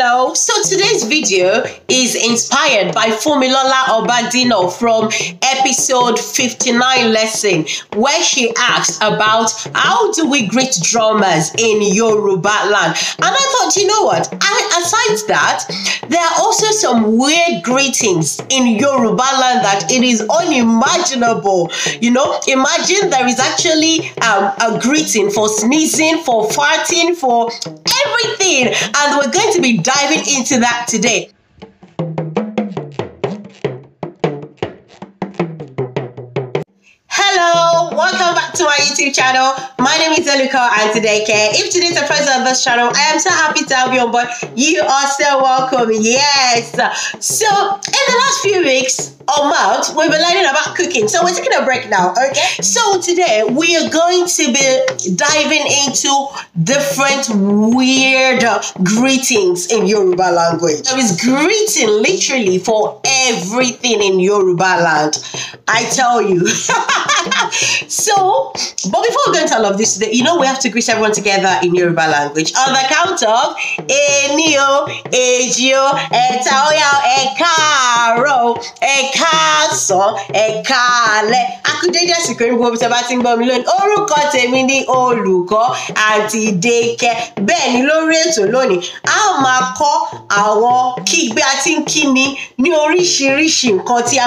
Hello, so today's video is inspired by Fumilola Obadino from episode 59 lesson where she asked about how do we greet drummers in Yoruba land and I thought you know what I, aside that there are also some weird greetings in Yoruba land that it is unimaginable you know imagine there is actually um, a greeting for sneezing for farting for everything. And we're going to be diving into that today. Welcome back to my YouTube channel. My name is Eluko and today care. If today's the first on this channel, I am so happy to have you on board. You are so welcome. Yes. So in the last few weeks or months, we've been learning about cooking. So we're taking a break now. Okay. So today we are going to be diving into different weird greetings in Yoruba language. There is greeting literally for everything in Yoruba land. I tell you. So, but before we go into all of this today, you know we have to greet everyone together in Yoruba language on the count of Enio, Ejio, Etaoya, Ekaro, Ekaso, Ekale. Akudeja àsìkò yìí gbogbo tẹ́ bá ti ń gbọ́ mi lónìí. Orúkọ tèmi ni olùkọ́ àti Dékẹ́. Bẹ́ẹ̀ ni lórí ètò lónìí, a ó máa kọ́ àwọn kí bí a ti ni ní oríṣiríṣi nǹkan tí a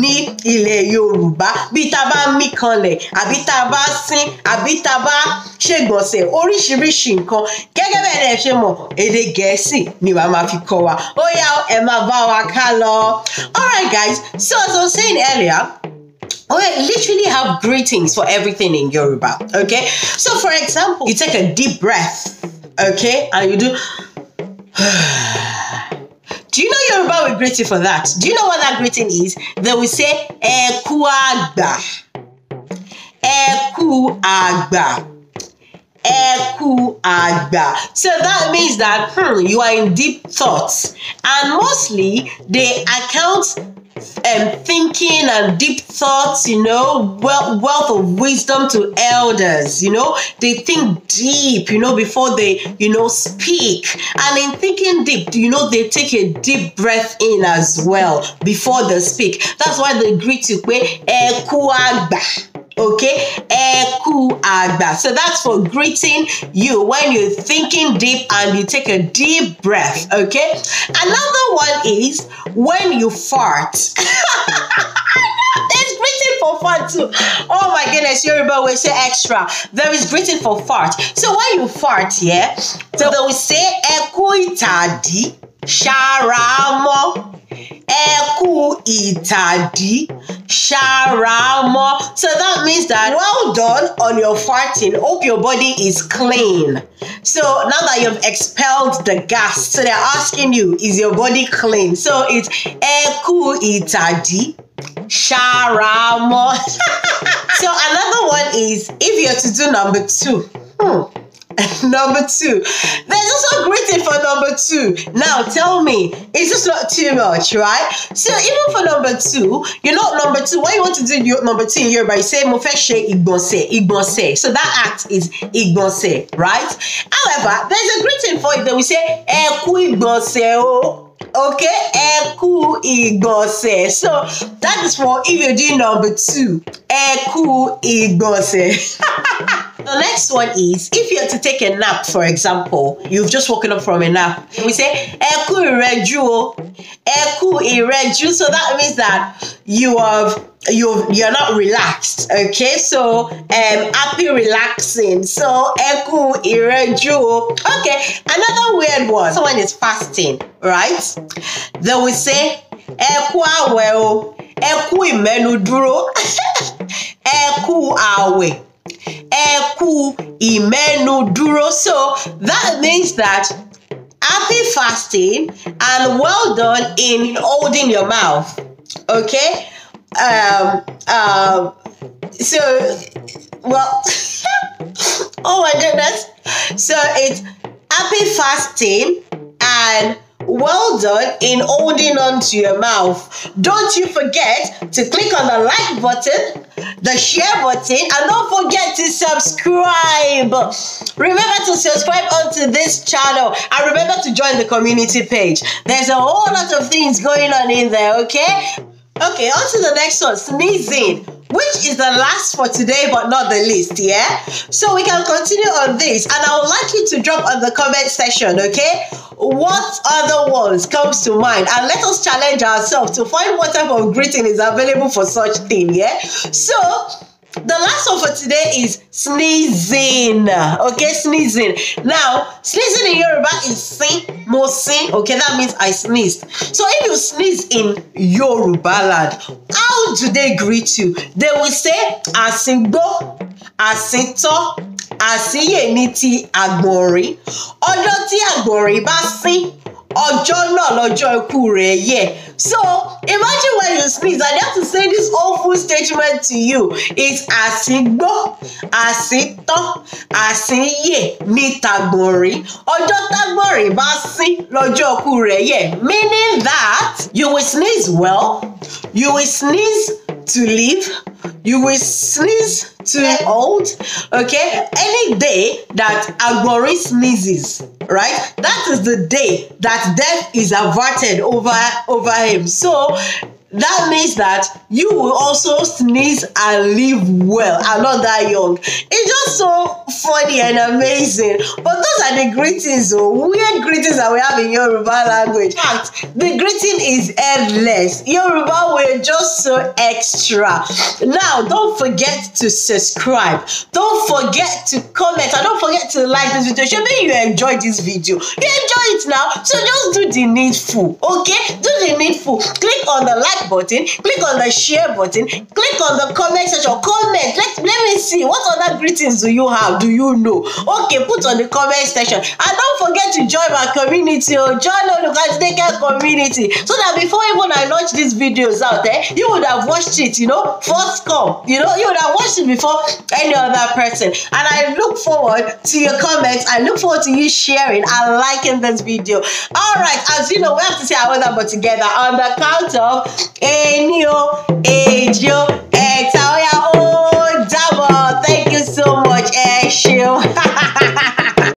ní ilẹ̀ yorùbá bí tá a bá mí kanlẹ̀ àbí tá a bá sín àbí tá a bá ṣègbọ̀nsẹ̀ oríṣiríṣi nǹkan gẹ́gẹ́ bẹ́ẹ̀ ni ẹ ṣe mọ̀ èdè gẹ̀ẹ́sì ni wàá máa fi kọ́ wa ó yá ẹ máa bá wa ká lọ. alright guys so as I was saying earlier we literally have greetings for everything in Yoruba. Okay, so for example, you take a deep breath, okay, and you do. do you know Yoruba will greet you for that? Do you know what that greeting is? They will say Eku Agba. Eku Agba. Eku Agba. So that means that hmm, you are in deep thoughts. And mostly they account um, thinking and deep thoughts, you know, wealth, wealth of wisdom to elders, you know, they think deep, you know, before they, you know, speak. And in thinking deep, you know, they take a deep breath in as well before they speak. That's why they greet you, Ekuagba. Okay, Eku Agba. So that's for greeting you when you're thinking deep and you take a deep breath. Okay, another one is when you fart. too. Oh my goodness, Yoruba will say extra. There is greeting for fart. So when you fart, yeah, so they will say eku itadi sharamo. Eku itadi sharamo. So that means that well done on your farting. Hope your body is clean. So now that you've expelled the gas, so they're asking you, is your body clean? So it's eku itadi Sharamo. so another one is if you're to do number two. Hmm. number two. There's also greeting for number two. Now tell me, is this not too much, right? So even for number two, you know number two, what you want to do your, number two in By say Mofeshe Igbonse, Igbonse. So that act is Igbonse, right? However, there's a greeting for it that we say Eku Igbonse oh okay ẹkú igose. so that is for imeji number two ẹkú igose. The next one is if you're to take a nap, for example, you've just woken up from a nap. We say Eku ireju, Eku ireju. So that means that you have you're you're not relaxed okay so um happy relaxing so eku iraju, okay another weird one someone is fasting right they will say eku awe o eku imenuduro eku awe eku imenuduro so that means that happy fasting and well done in holding your mouth okay um, um, so, well, oh my goodness. So it's happy fasting and well done in holding on to your mouth. Don't you forget to click on the like button, the share button, and don't forget to subscribe. Remember to subscribe onto this channel and remember to join the community page. There's a whole lot of things going on in there, okay? Okay, on to the next one sneezing, which is the last for today but not the least, yeah? So we can continue on this, and I would like you to drop on the comment section, okay? What other ones comes to mind? And let us challenge ourselves to find what type of greeting is available for such thing, yeah? So the last one for today is sneezing. Okay, sneezing. Now, sneezing in Yoruba is sin, mo sin. Okay, that means I sneezed. So if you sneeze in Yoruba land, how do they greet you? They will say asingbo, asito, asiyeniti ti agbonrin. Ọjọ́ tí agbonrin bá sín, ọjọ́ náà lọ́jọ́ So imagine when you spit, I have to say this awful statement to you. It's asigbo, àsìtọ́, asiye ní tàgbọ̀nrín. Ọjọ́ tàgbọ̀nrín bá sín lọ́jọ́ ọkú rẹ̀ Meaning that you will sneeze well, you will sneeze to live. You will sneeze to old. Okay? Any day that Agbori sneezes, right? That is the day that death is averted over over him. So that means that you will also sneeze and live well and not that young it's just so funny and amazing but those are the greetings o oh, weird greetings that we have in yoruba language in fact the greeting is endless yoruba we're just so extra now don't forget to subscribe don't forget to comment and don't forget to like this video shebi you enjoyed this video you enjoy it now so just do the needful okay do Meaningful. Click on the like button, click on the share button, click on the comment section, comment. Let, let me see what other greetings do you have? Do you know? Okay, put on the comment section. And don't forget to join my community or oh. join Oluka's Daycare community so that before even I launch these videos out there, eh, you would have watched it, you know, first come. You know, you would have watched it before any other person. And I look forward to your comments. I look forward to you sharing and liking this video. All right, as you know, we have to say our other but together together on the count of Enyo, oh Ejo, oh, double. Thank you so much, Eshu.